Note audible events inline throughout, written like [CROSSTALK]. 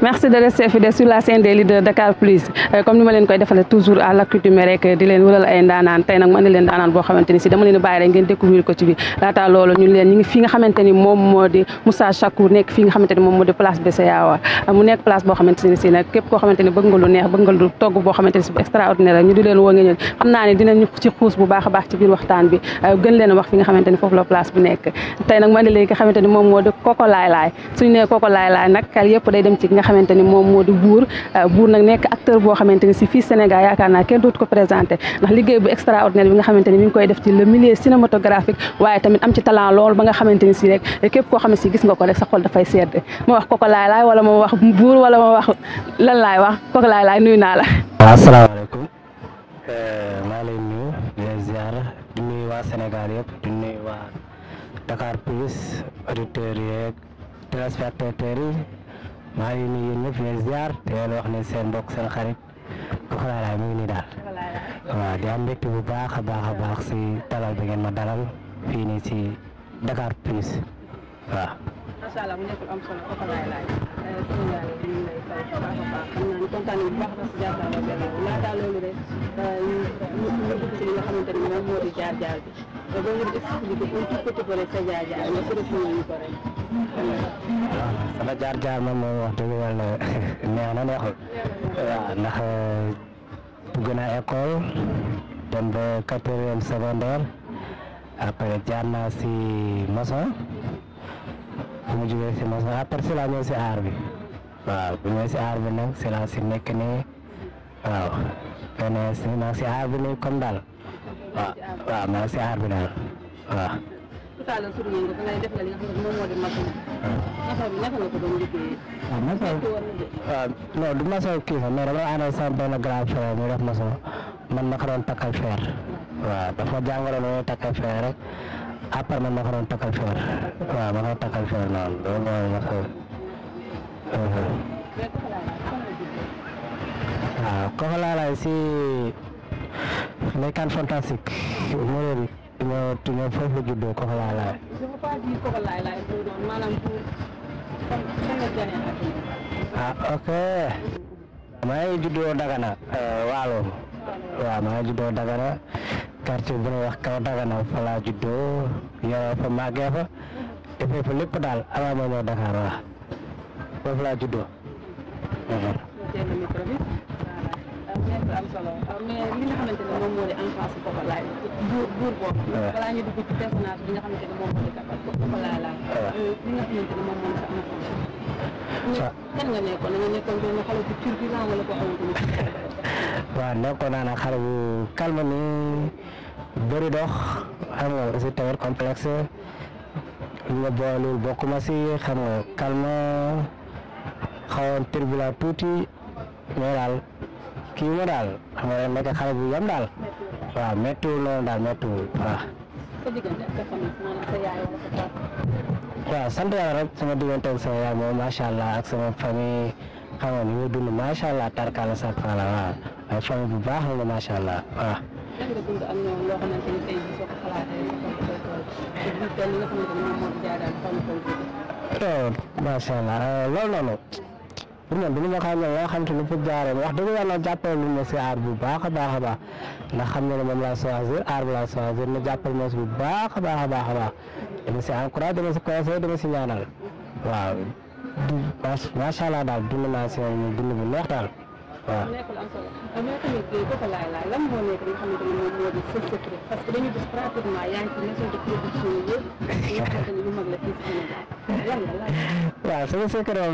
merci de rester fidèle sur la scène des leaders Dakar Plus euh, comme ni ma leen koy defalee toujours à l'accoutumée rek di leen wëral ay ndaanaan tey nag ma andi leen ndaanaan boo xamante si dama leen bàyyi rek ngeen découvrir ko laata loolu ñun leen fi nga xamante moom moo di Moussa Chakour nekk fi nga xamante moom moo di place bi nekk tey nag ma andi leen nga xamante moom moo di Koko Laay Laay suñu nee Koko Laay Laay nag xel yëpp day dem ci nga xamante ni moom moo di buur euh, buur nag nekk acteur boo xamante ni si fii Sénégal yaakaar naa kenn dootu ko présenté ndax liggéey bu extraordinaire bi nga xamante ni mi ngi koy def ci le milieu cinématographique waaye tamit am ci talent lool ba nga xamante ni si rek képp koo xam ne si gis nga ko rek sa xol dafay sedd ma wax koko laay laay wala ma wax buur wala ma wax lan laay wax koko laay laay naa la waaw asalaamaaleykum euh, maa lay nuyu di leen ziar di yëpp di nuyu waa Dakar Plus auditeurs yeeg téléspectateurs maa ngi nuyu yéen ñëpp di leen ziar di wax ne seen mbokk seen xarit Koxolala mi ngi nii daal waaw di am mbégte bu baax a baax a baax si dalal bi ngeen ma dalal fii nii si Dakar Plus waaw. da doon expliquer un tout petit peu rek sa jaar-jaar ma ko def ñu ko rek. waaw sama jaar-jaar moom wax dëgg yàlla [LAUGHS] neex na neexul. waaw ndax bugg euh, naa école dem ba quatrième secondaire après jaar naa si maçon bu mu jógee si après si laa ñëw si aar bi waaw bu ñëwee si aar bi nag si laa si nekk nii waaw. mais si nag si aar bi nii comme daal. waaw waaw man si aar bi la yor waaw. waaw maçon waaw non du maçon kii sax mais dama àndal sama benn grand frère mu def maçon man ma ko doon takkal fer waaw dafa jàngaloon loolu takkal fer rek après man ma ko doon takkal fer waaw ma ko doon takkal fer noonu loolu mooy maçon waaw koxalaalaay si nekkaan fantastique Moreen ñoo ñoo foofu la juddoo Koxolaay laay. je veux pas dire laay ah ok. maa ngi juddoo Dagana. Euh, Waalo. waaw maa ngi juddoo Dagana quartier bu ñuy wax kaw Dagana fa laa juddoo yaroo fa màggee fa defee daal avant ma ñëw Dakar waaw foofu laa juddoo. am solo euh, mais li nga xamante ne moom moo di enfance Papa Laye buur buur boobu. balaa ñu dugg ci personnage bi nga xamante ne moom moo di Papa Laye la. Euh, li nga xamante ne moom moo di sa enfance. waaw kan nga nekkoon da nga nekkoon benn xale bu turbulent wala ko xamante ni. [LAUGHS] waaw nekkoon naa nag xale bu calme ni bëri dox xam nga aussi tamit complexe li nga boolul bokkuma si xam nga calme xawoon turbulent tuuti mais daal. kii ma daal xam nga nekk xale bu yam daal waaw méttiwul noonu daal méttiwul waaw. waaw sant yàlla rek sama diggante ak sama yaay allah ak sama famille xam nga ni ma dund macha allah tarkala sarkala waaw ay famille bu baax la macha allah waaw. waaw oh, macha allah euh, loolu pour man dina ma ko xam ne loo xam te ne fa jaaree wax dëgg yàlla jàppale nañ ma si aar bu baax a baax a baax ndax xam na ne moom laa choisir aar bi laa choisir na jàppale ma si bu baax a baax a baax a mu si si encourage dama si conseil dama si ñaanal waaw du macha allah daal dund mu si dund bu neex daal. waaw nekkul am solo mais tamit kooku que dañu gis pratiquement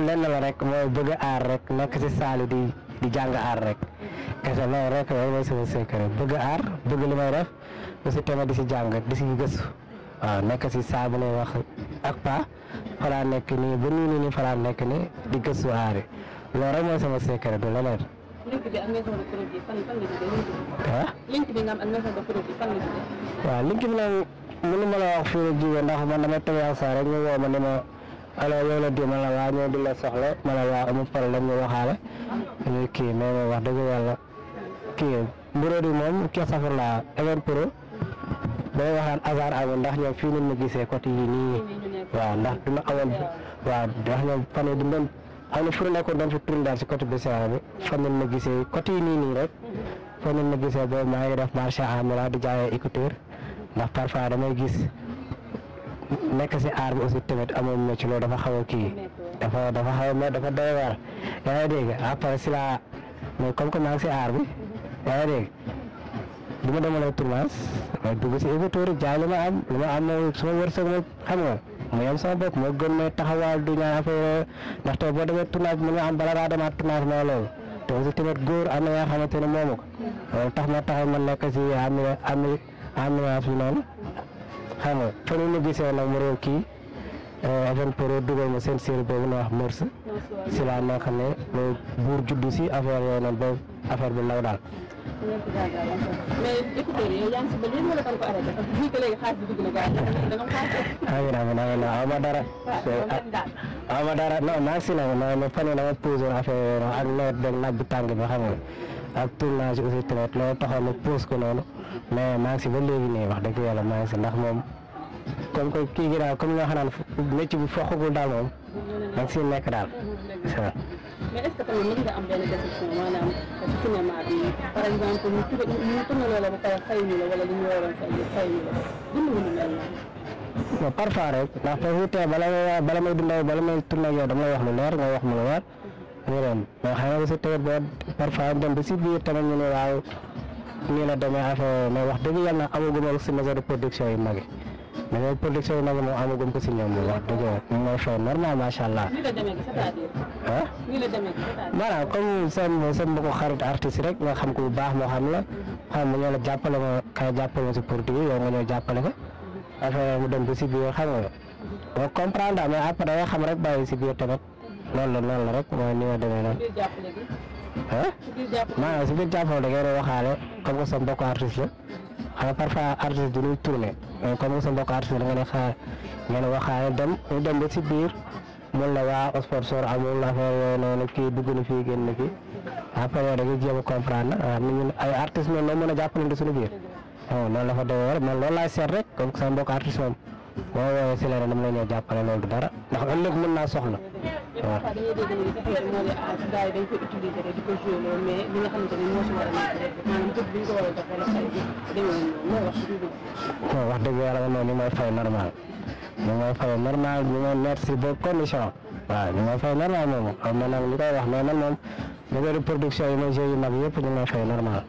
yaa rek mooy bëgg aar rek nekk si saali di di aar rek kese loolu rek loolu mooy sama secret bëgg a aar bëgg li may def aussi tamit di si jàng di si gëstu waaw nekk si saa bu wax ak pa faral nekk nii ba nii nii nii nekk nii di gëstu aar yi rek mooy sama secret du leneen. link ah, link bi nga am waaw link ma la wax fii la ndax man dama teg ak saa rek ñu woo ma ne ma la di ma la waa ñoo di la soxla ma la waa amul problème ñu waxaale. ñu kii moom wax dëgg yàlla kii bureau moom kii safar laa Even Pro day waxaan hasard amul ndax ñoom fii nañ ma gisee côté yi nii waaw ndax dina amoon waaw ndax ñoom fan yii am na fu ne nekkoon doon fi tourné si côté BCEAO bi fan la ma gisee côté yi nii nii rek fan la ma gisee boobu maa ngi def marché di jaayee écouteur ndax parfois damay gis nekk si aar bi aussi tamit amoon na ci loolu dafa xaw a kii dafa dafa xaw a mais dafa doy waar yaa ngi dégg après si laa mais comme que si aar bi yaa ngi dégg bi ma demalee tournage ma dugg si écouteur jaay li ma am li ma am mooy sama wërsëg ma xam nga. ma yem sama bopp moo gën may taxawaal du ñaan affaire ndaxte boo demee tournage mën nga am bala daa demaat tournage mooy loolu te aussi tamit góor am na nga xamante ne moomu ko loolu tax ma taxaw man nekk si am am aminance bi noonu xam nga fa kii eh, avant période ma seen série boobu na wax mërs si laa buur juddu si affaire yooyu noonu affaire bu ndaw daal. mais écouteurs yi yow yaa ngi si ba léegi wala na ah, ma dara. waaw ah, ma dara non naa si nag ma ma ak nawet beeg naaj bu tàng bi xam nga ak ko noonu mais maa si ba léegi nii wax dëgg yàlla maa ngi si ndax moom comme que kii gi daal comme nga nekk daal. mais est ce que tamit mën nga am benn déception maanaam ci cinéma bi par exemple ñu tuddee ñu tëngaloo la ba pare fayuñu la wala li ñu waroon fay fayuñu la dund nga lu mel noonu. bon parfois rek ndax foofu tee bala may bala may dundee bala may tourné yow dama lay wax lu leer nga wax mu lu leer. ñu dem mais xam nga si tamit boo parfois dem ba si biir tamit ñu ne waaw nii la demee affaire mais wax dëgg yàlla amaguma si maison de production yu mag yi mais loolu production ko mhm. si ñoom wax dëgg moom mooy xew normal macha allah. ah. maanaam rek nga xam ko bu baax moo xam la jàppale ma kay jàppale ma si produit yow nga jàppale ma affaire mu dem ba si biir xam nga boo comprendre mais après da xam rek bàyyi si biir tamit loolu la loolu la rek mooy ni ma demee noonu. ah maanaam si biir jàppale da ngay waxaale comme que sa mbokku artiste la. xam nga parfois artiste bi ñuy tourné comme sa mbokk artiste nga ne xaar nga ne ah, dem ñu dem ba si biir mun la waa sponsor amul affaire yooyu noonu kii dugg na fii génn fii après yow da ngay jéem a comprendre ah ñun ay artistes ñoom ñoo mën a jàppalante suñu biir oh, noonu la fa demee rek man loolu laay seet rek comme sa mbokk artiste moom. boo woowee si ne dama la ñëw jàppale dara ndax ëllëg mën naa soxla waaw. Ah waaw wax dëgg yàlla moom ñu may fay normal ñu may fay normal ñu may mettre si ba condition waaw ñu may fay normal moom xam na nag li koy wax mais man moom ñu ngi production yi ma jeu yu mag yëpp ñu may fay normal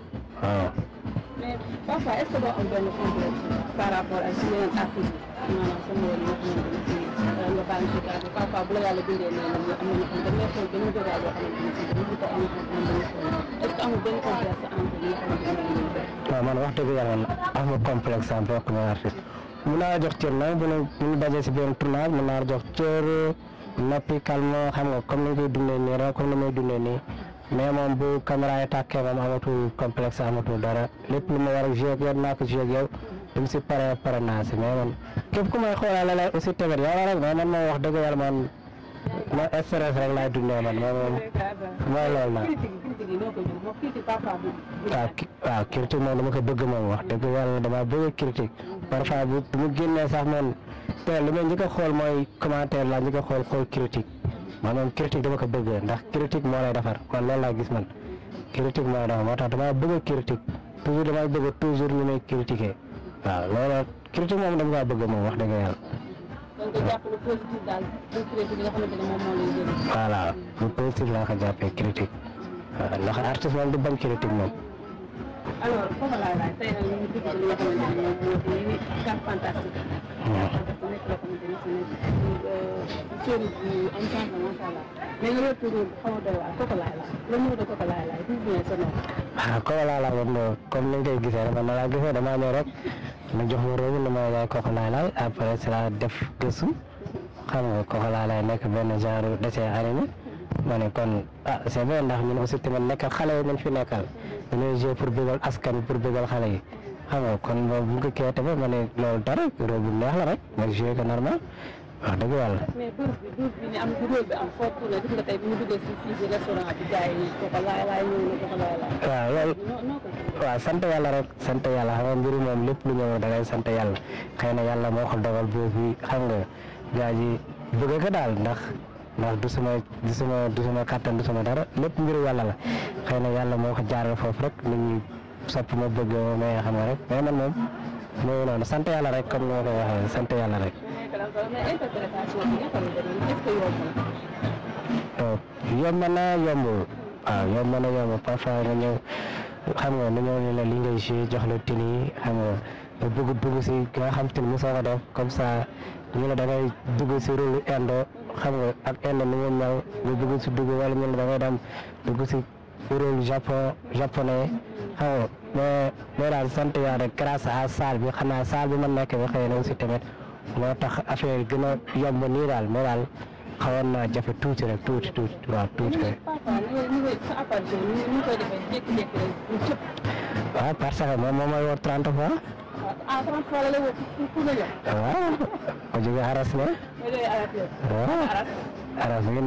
mais parfois est-ce que doo am benn complexe par rapport ak suñu yeneen artistes yi maanaam sama yoon yi nga xamante ne si euh, nga baal ci kàddu parfois bu la yàlla bindee nee na ñu am nañu xam dañu xool benn jotaay boo xamante ne si dañu ko am xam am dañu xool est-ce que amul benn complexe entre ñi nga xamante ne ñu waaw man wax dëgg yàlla amul complexe entre bokk na artiste mën naa la jox cër nag bu ne bu ñu dajee si benn tournage mën naa la jox cër noppi calme xam nga comme ni ñu koy dundee nii rek comme ni may dundee nii mais moom bu caméra yi tàkkee moom amatul complexe amatul dara lépp lu ma war a joué ak yow naa ko joué ak yow bi mu si pare pare naa si mais man képp ku may xoolaale la aussi tamit yow rek mais man moom wax dëgg yàlla man man stress rek laay dundee man moom moom mooy loolu nag. waaw ah, waaw critique moom dama ko bëgg moom wax dëgg yàlla dama bëgg critique parfois bu mu génnee sax man te li ma njëkk a xool mooy commentaire la njëkk a xool xool critique. maanaam critique dama ko bëgg ndax critique moo lay defar kon loolu laa gis man critique moo lay defar moo tax damaa bëgg a critique toujours damaa bëgg toujours ñu may critiquer waaw loolu critique moom dama bëgg moom wax dëgg yàlla. donc positif daal pour critique nga xamante ne moom moo du bañ critique moom. loo xamante ni euh, ah, euh, ni nga koy gisee dama la gisee damaa ñëw ma jox ma réew mi ma yaay Coco Lala laa def gëstu xam nga Coco nekk benn genre dessin animé ma ne kon ah c'est vrai ndax ñun aussi tamit nekkal xale yi ñu fi nekkal dañuy jouer pour bëggal askan pour bëggal xale yi. xam nga kon boobu bu ko kiiyee tamit dara rôle bu neex la rek nga joué normal wax dëgg yàlla. mais dose yàlla rek sant yàlla xam nga mbiru moom lépp lu ñëw da ngay sant yàlla xëy na yàlla moo ko dogal boobu xam nga gars yi bëgg ko daal ndax. ndax du sama du sama du kàttan du sama dara lépp mbiru yàlla la xëy na yàlla moo ko jaaral foofu rek sopp ma bëgg may xam nga rek mais man moom mooy noonu sant yàlla rek comme noo sant yàlla rek. yomb na yombul waaw yomb na yombul parfois nga ñëw xam nga nu ñëw ni la li jox la tini xam nga nga bëgg si nga xam te ni mosoo ko comme ça ñu la da ngay dugg indo xam nga ak indo ni nga mel nga bëgg si dugg wala ñu la da ngay dem si. kuréel japon japonais xam nga sant yàlla rek grâce à salle bi xanaa salle bi ma nekk bi xëy na aussi tamit moo tax affaire gën a yomb nii daal mais daal xawoon tuuti rek tuuti tuuti waaw tuuti rek. waaw parce que moom moo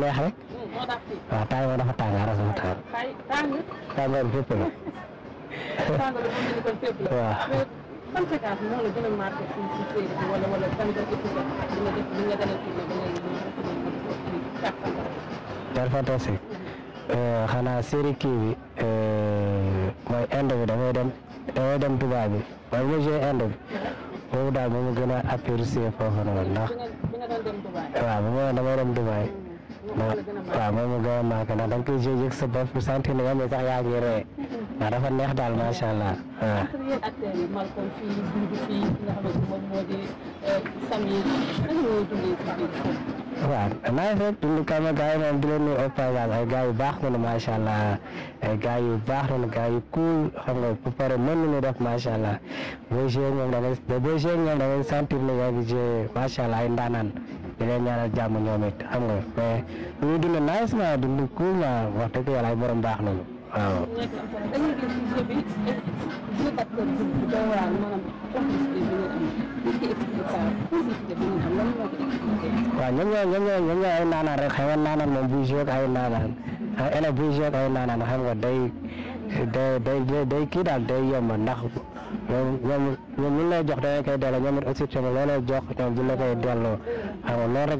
rek. waaw taay moom dafa tàng aras dafa tàng. tàngoor bi fépp la. waaw. conséquence ah, moo la gën a marqué ci ci série bi wala wala ban nga épisode bi nga def bi nga dana tourné ba ngay Père Fantastique xanaa série kii bi euh, mooy Inde bi damay dem damay dem tubaab bi man ma joué Inde bi boobu daal moom gën a apprécier foofu noonu ndax waaw bu ma damay dem Dubaay waaw moom mu a manqué ndax da nga koy jëjëf ak ne neex daal macha allah waaw. Euh, waaw maa ngi fekk ñu kàmm gars moom di leen ay gars yu baax nañu macha allah ay gars baax nañu gars yu cool xam nga bu pare mën nañu def macha allah boo joué ñoom da ngay boo ne yaa ngi joué macha allah ay ndaanaan. di leen ñaanal jàmm ñoom it xam nga mais lu ñuy dund naaj si maanaam dund ku maanaam wax dëgg yàlla ay borom baax nañu waaw. waaw ñoom moom buy jóg ay naanaan élève buy jóg ay naanaan xam nga day day ndax. ñoom ñoom lay jox da nga ñoom it aussi jox ñoom du la koy delloo xam nga loolu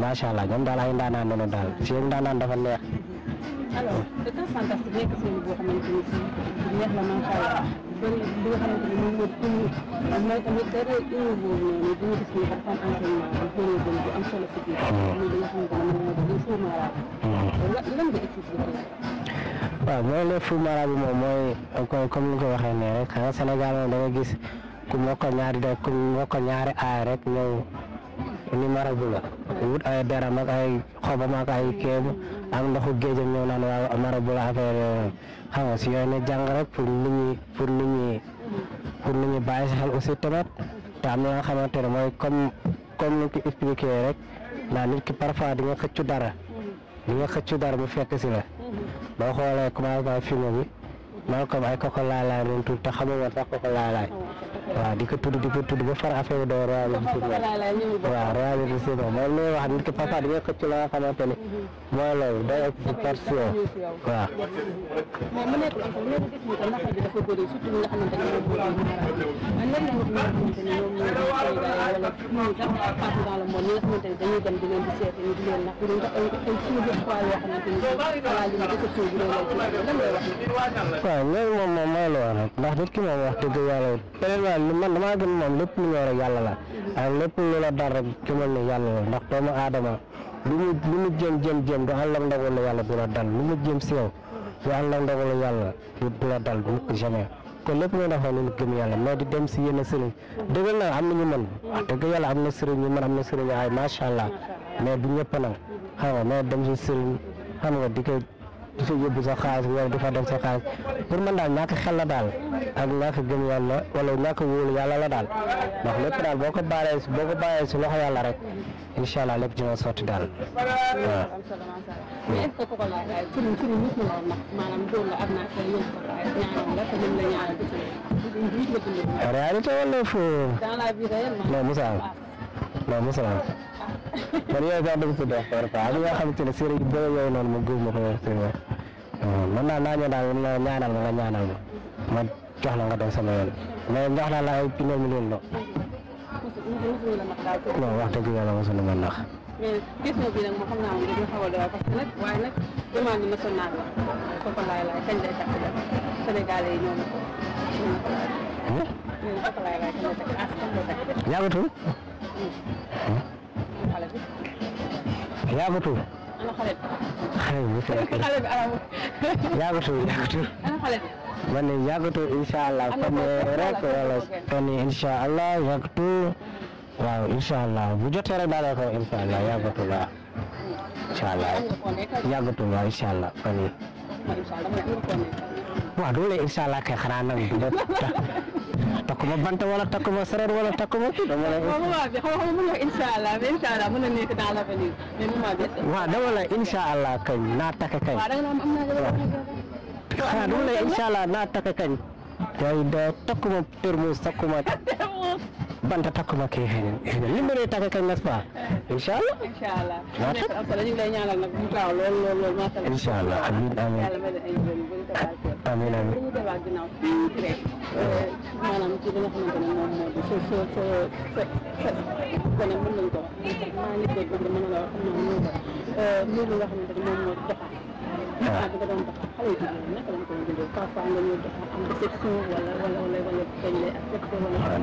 neex waaw allah ñoom daal ay ndaanaan noonu daal fii ak ndaanaan dafa neex. neex waaw mooy le football bi moom mooy comme ni ko waxee nee rek xam nga Sénégal ku mokk ñaari da ku mokk ñaari aay rek ñëw ni marabu la wut ay deram ak ay xobam ak ay kéem am ndoxu géejam ñëw naan waaw marabu la affaire yooyu xam nga si yooyu ne jàng rek pour nit ñi pour si xel aussi tamit te am na mooy comme comme ko expliqué rek naa nit ki parfois di nga xëccu dara di nga xëccu dara mu fekk si la. boo xoolee commencé filo bi maa ko bàyyi ko ko laalaay noonu tuuti te xamoo woon sax ko ko laalaay waaw di ko tudd di ko tudd ba far affaire doo royal bi suuf waaw royal bi suuf mooy li wax nit ki papa di nga xëcc la nga xamante ni mooy loolu day ëpp si par si yow waaw. waaw waaw loolu moom moom mooy loolu rek ndax nit ki moom wax dëgg yàlla président li man damaa moom lépp lu ñëw la ak lépp lu la dal rek jëmal ne la ndax doomu aadama lu mu lu mu du ànd ak ndogalu yàlla du la dal lu mu jëm si yow du ànd ak ndogalu yàlla du la dal du jamais kon lépp luy defal lu gëm yàlla mais di dem si yenn sëriñ dëgg na am na ñu mën wax dëgg yàlla am na sëriñ ñu mën am na sëriñ ay macha allah mais du ñëpp nag xam nga mais di fa yóbbu sa xaalis wala di fa def sa xaalis pour daal ñàkk xel la daal ak ñàkk gëm yàlla wala ñàkk wóolu yàlla la daal ndax lépp daal boo ko baaree boo ko baaree si rek incha allah lépp sotti daal waaw. mais est wala foo. dans la man yooyu sax dama si dox par rapport ak yoo xamante ne noonu mu góob ma ko wax seen wax naa naa ñëw daal nga ñaanal ma nga ñaanal ma ma jox nga dem sama yoon mais jox naa la ay pino mi leen ma nax mais a la kooku laay laay kañ lay takk jabar yàggatu. ana xale bi. xale rek wala fan incha allah yàggatu waaw incha bu jotee rek daal ko incha allah la incha allah la incha allah fan doole incha allah kay xanaa nag [LAUGHS] takkuma bant wala takkuma sareet wala takkuma. dama la moment bi ma dama la incha kañ naa takk kañ. waaw dama la am naa jabar. waaw dama la incha allah takk kañ. yow de takkuma termus [LAUGHS] banta takkuma kii xëy na li mu takk kañ n'est-ce pas. amiin amiin dañuy delluwaat ginnaaw fii direct maanaam ci li nga xamante ne moom moo di sa sa sa sa sa gone mën nañ ko maa ngi dégg bëgg mën na la wax xam naa mën ko muy li nga xamante ne moom moo di doxal waaw bi nga doon doxal xale yu jigéen naka lañ ko dundee parfois nga ñëw doxal am déception wala wala wala wala dañ lay accepté wala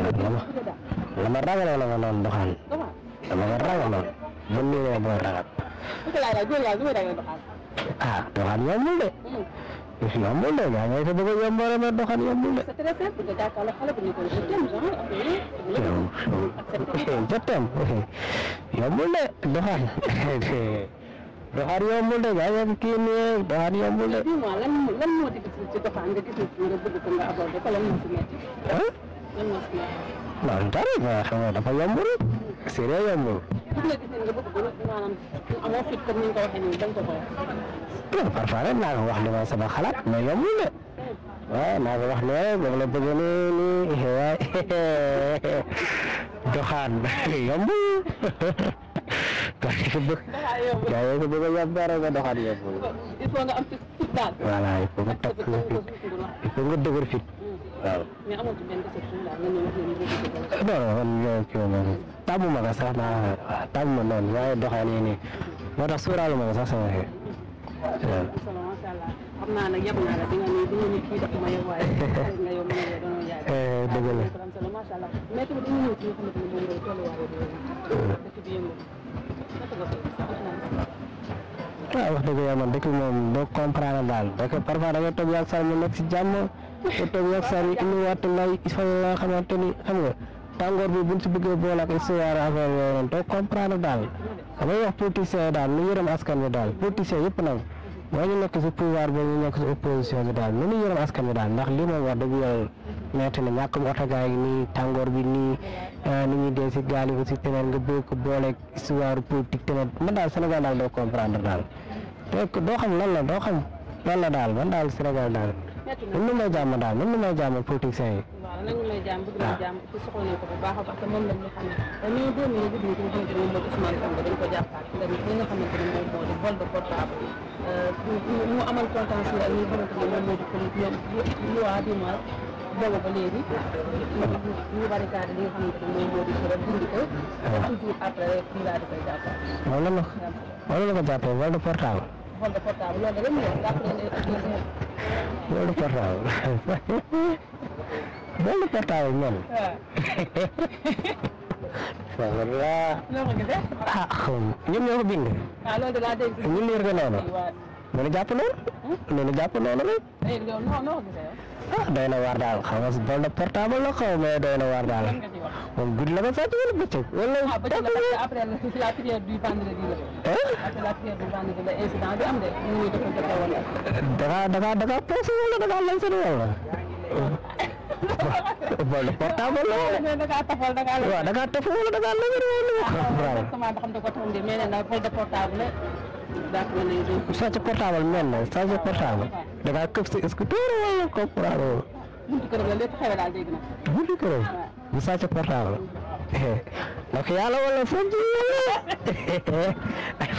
la ma ragaloon la ma doon doxal la ma ragaloon bu nii la ma doon ragal ah doxal ñoom ñu de yëf yi yombul de gaa ngay sa bëgg a yomb rek doxal yombul de. jottam yombul de doxal doxal yombul de gaa ngay kii nii doxal yombul de. lan moo di gis ci doxal nga gis nga bëgg ko nga aborder ko lan moo si metti. lan moo si metti. waaw dara xam nga dafa yombul sérieux yombul. nga gis nga bëgg ko maanaam amoo fit comme ni nga ko waxee nii da nga ko non parfois nag naa ko wax li ma sama xalaat mais yombul de waaw naa ko wax ne dama la bëgg nii nii waaye [LAUGHS] doxaan [LAUGHS] yombul [LAUGHS] gaa yi ko bëgg gaa yi ko bëgg a yomb dara nga doxaan yombul voilà il faut nga takk il faut nga dëgër fit waaw non non kii moom tàmmu ma ko sax naa tàmmu ma noonu waaye doxaan yi nii moo tax suuraale ma ko sax sama xeet waaw solo macha allah xam naa nag yab naa la bi nga bi nga ñu kii dafa ma ci nga xamante ne bi dëkk bi yëngu naka nga koy waaw wax dëgg bi moom bi buñ si bëggee boole ak histoire affaire yooyu noonu doo daal damay wax politiciens yi daal nu yërëm askan wi daal politiciens yëpp nag mooy ñu nekk si pouvoir ba ñu nekk si opposition bi daal nu ñu yërëm askan wi daal ndax lii moom wax dëgg yàlla metti na ñàkkum otogaay yi nii tàngoor bi nii ah, ni ñuy dee si gaal yi aussi tamit nga bëgg ko booleeg histoire politique tamit man daal Sénégal daal doo comprendre daal te doo xam lan la doo xam lan la daal man daal Sénégal daal man nu may jàmm daal man nu may jàmm politiciens yi waaw nangu lay jaam bëgg lay jaam ci soxla nañ ko bu baax a baax te moom lañ xam ne dañoo ne mooy Ousmane di vol portable mu amal contentieux ak ñi nga xamante ne moom moo boobu ba rek dindi ko ah. toujours après ñu daal di koy jàppaat ko jàppee vol portable vol portable loolu da leen ñëw leen loolu de portable [LAUGHS] Boleh saya tahu kan? Alhamdulillah. ah xam ñoom ñoo ko bind. Ah, ñu liir ko noonu. noonu jàpp noonu. Hmm? noonu jàpp noonu eh, la. ah doy na waar daal portable ko fàcc wala bëccëg. wala ah bëccëg la parce que après la [LAUGHS] ëppal portable la wala da ngaa tafal da ngaa waaw da ngaa tafal wala portable da ah, ah, eh? ah, eh? na sa ci portable da këf si scooter wala comprendre buntu kër la lépp xewee daal dégg na buntu kër bu portable donc yàlla wala fon ci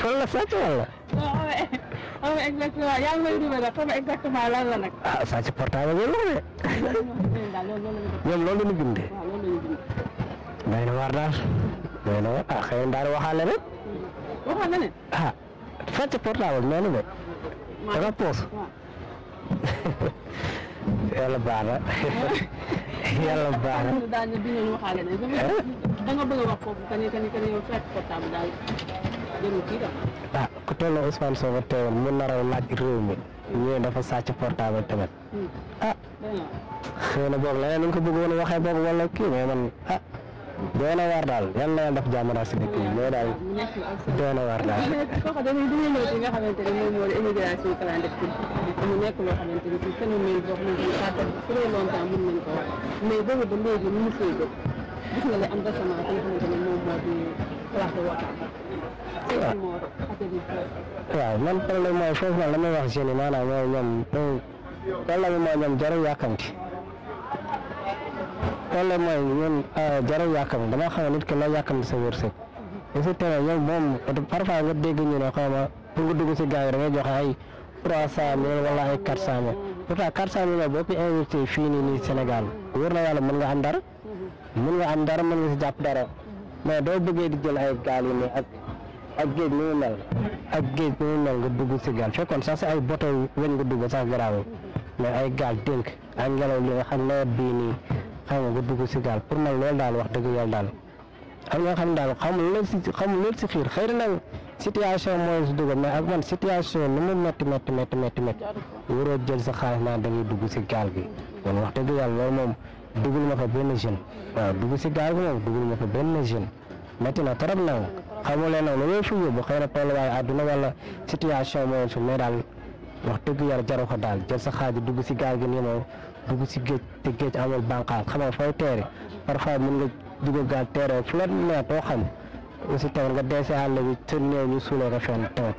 wala ay fon xam nga exactement yaa ngi lay dugal nag xam nga exactement lan la nag. ah saa si portable loolu la de. ñoom loolu la ñu bindee. waaw loolu la ñu bindee. doy na waar daal. doy na waar ah xëy na daal waxaale na. waxaale na. ah saa si portable noonu de. maa ngi poos. yàlla baax na. yàlla baax na. daal ñu bindee waxaale na. da nga bëgg a wax foofu que ni que ni que ni yow saa si portable daal jëmu kii daal. ku toll na Ousmane Sonko teewal mu naraw laaj réew mi ñëwee dafa sàcc portable tamit ah xëy boog leneen ñu ko bëggoon waxee boog wala kii mais ah doy waar daal yal na def jàmm daal si dëkk daal doy waar daal. [LAUGHS] waaw man problème mooy foofu nag la may wax jeunes yi maanaam mooy ñoom problème bi mooy ñoom jarul yàkkamti problème mooy ñun jarul yàkkamti dama xam ne nit ki la yàkkamti sa wërsëg li si tere yow moom parfois nga dégg ñu ne xaw ma pour nga dugg si gars yi da ngay joxe ay trois cent mille wala ay quatre cent mi pourtant quatre cent mille boo ko investi fii nii nii Sénégal wóor na yàlla mën nga am dara mën nga am dara mën nga si jàpp dara mais doo bëggee di jël ay gaal yi nii ak ak géej ni mu mel ak géej ni mu mel nga dugg si gaal fekkoon sax si ay bato weñ nga dugg sax garaawul mais ay gaal dénk ak ngelaw li xam nawet bii nii nga nga dugg si gaal pour man loolu daal wax dëgg yàlla daal am nga xam daal xamul loolu si xamul loolu si xiir xëy na nag situation mooy si dugg mais ak man situation lu mu métti métti métti métti métti waroo jël sa xaalis naa da dugg si gaal bi kon wax dëgg yàlla loolu moom dugal ma fa benn jeune waaw dugg si gaal gi moom dugal ma fa benn jeune métti na trop nag xamu leen nag lu may fi xëy na tolluwaayu àdduna wala situation mooy su mais daal wax dëgg yàlla jaru ko daal jël sa xaaji dugg si gaal gi nii moom dugg si géej te géej amul bànqaas xam nga fooy teere parfois mën nga dugg gaal teere fu la neetoo xam aussi tamit nga dese àll bi te néew ñu suulee ko fenn tamit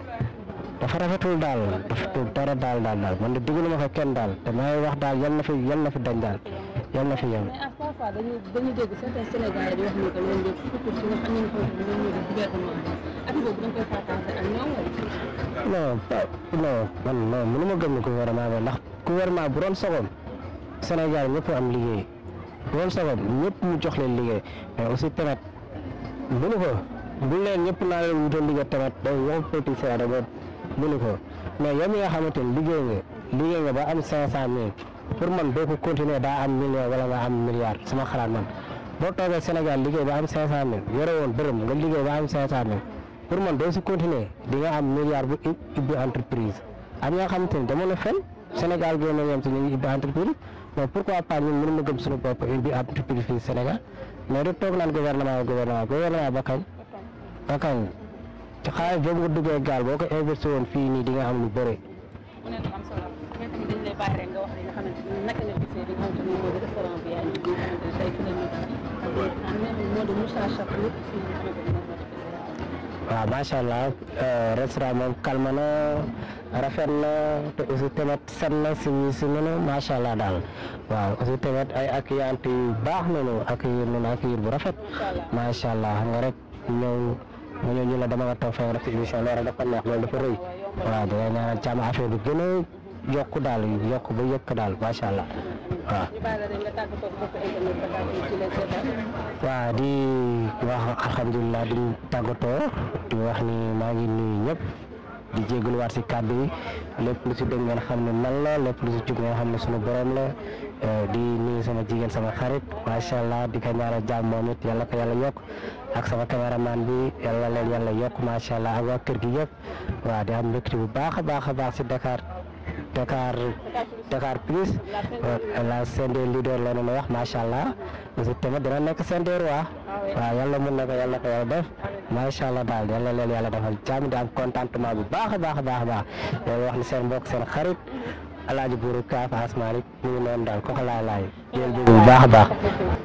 dafa rafetul daal dafa dara daal daal daal man de dugal ma fa kenn daal te may wax daal yal na fi yal na fi dañ yàlla na fi yem. mais à parfois dañuy dañuy dégg certains sénégalais di wax ni que loolu yëpp man non mënu ma gëm ndax gouvernement bu doon soxoon Sénégal ñëpp am liggéey bu doon soxoon mu jox leen liggéey mais aussi tamit mënu ko buñ ñëpp naa leen wutal liggéey tamit day wax politique da nga mënu mais yow mi nga xamante ne liggéey nga liggéey ba am 500000. pour man boo ko continuer daa am million milliard sama xalaat man boo toogee Sénégal liggéey ba am 500000 yore woon dërëm nga liggéey ba am 500000 pour man doo si continuer di nga am milliard bu ubbi entreprise am ñoo xamante ni dama la fen senegal gën a yem si ñu ngi ubbi entreprise mais pourquoi pas ñun mënu ma gëm suñu bopp ubbi entreprise fii Sénégal mais du toog naan gouvernement gouvernement ba kañ ba kañ ci xaalis boobu nga duggee gaal boo ko investir woon fii nii di nga am lu bëri. moom moo waaw ah, macha allah euh, restaurant moom kalma na rafet na te aussi set na si si noonu allah daal waaw aussi tamit ay accueillante yu baax nañu accueillir nañu accueillir bu rafet macha allah xam rek ñëw mu ñu la dama nga toog fa nga def ci émission loolu dafa neex loolu dafa rëy waaw dina ñaanal càmm affaire bi gën a yokk daal yokk ba yëkk daal macha allah waaw. di wax alhamdulilah di tàggatoo di wax ni maa ngi nuyu ñëpp di jégaluwaat si kàddu yi lépp lu si dégg ngeen xam ne man la lépp lu si ngeen xam ne sunu borom la eh, di nuyu sama jigéen sama xarit macha allah di ko ñaanal jàmm moom it yàlla ko yàlla yokk ak sama caméraman bi yàlla leen yàlla yokk macha allah ak waa kër gi yëpp di am mbégte bu baax a baax a baax si Dakar. Dakar Dakar plus euh, la CND leader la ñu wax macha allah aussi tamit dina nekk CND roi waaw mun na ko yàlla ko def macha allah daal yàlla leen yàlla defal jàmm di am contentement bu baax a baax baax baax loolu wax ni seen mbokk seen xarit El Hadj Kaaf Asmalik mu noonu daal kooku laay laay. bu baax a baax.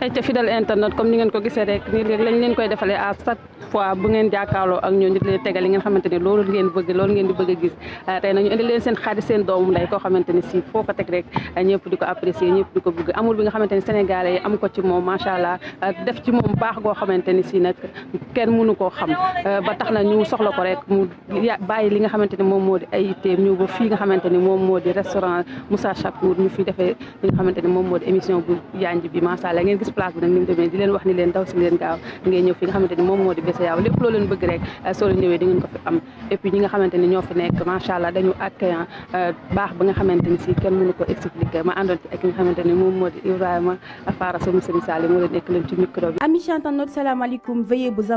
ayca fidèle internet comme ni ngeen ko gisee rek nii rek leen koy defalee à chaque fois bu ngeen jàkkaarloo ak ñoo nit leen tegal ngeen xamante ne loolu ngeen bëgg loolu ngeen di bëgg a gis ah, tey nag ñu indi leen seen xarit seen doomu nday koo xamante ne si foo ko teg rek ñëpp di ko apprécier ñëpp di ko bëgg amul bi nga xamante ne sénégalais yi am ko ci moom macha allah ah, def ci moom baax goo xamante ne si nag kenn mënu koo xam ah, ba tax na ñu soxla ko rek mu bàyyi li nga xamante ne moom moo di ay itteem ñëw fii nga xamante ne moom moo di restaurant Moussa Chakour ñu fi defee li nga moom moo di région bu Yandji bi macha allah ngeen gis place bi nag ni mu demee di leen wax ni leen daw si leen gaaw ngeen ñëw fi nga xamante ni moom moo di Bessayaaw lépp loo leen bëgg rek euh, soo leen ñëwee di ko fi am et ñi nga xamante ni ñoo fi nekk macha dañu accueillant euh, baax ba nga xamante ni si kenn mënu ko expliquer ma àndoon ci ak nga xamante ni moom moo di Ibrahima Fara Sow Serigne Sall moo leen nekk leen ci micro bi. Amis internautes, salaamaaleykum veuillez vous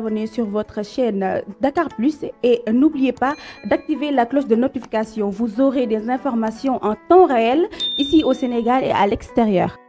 abonner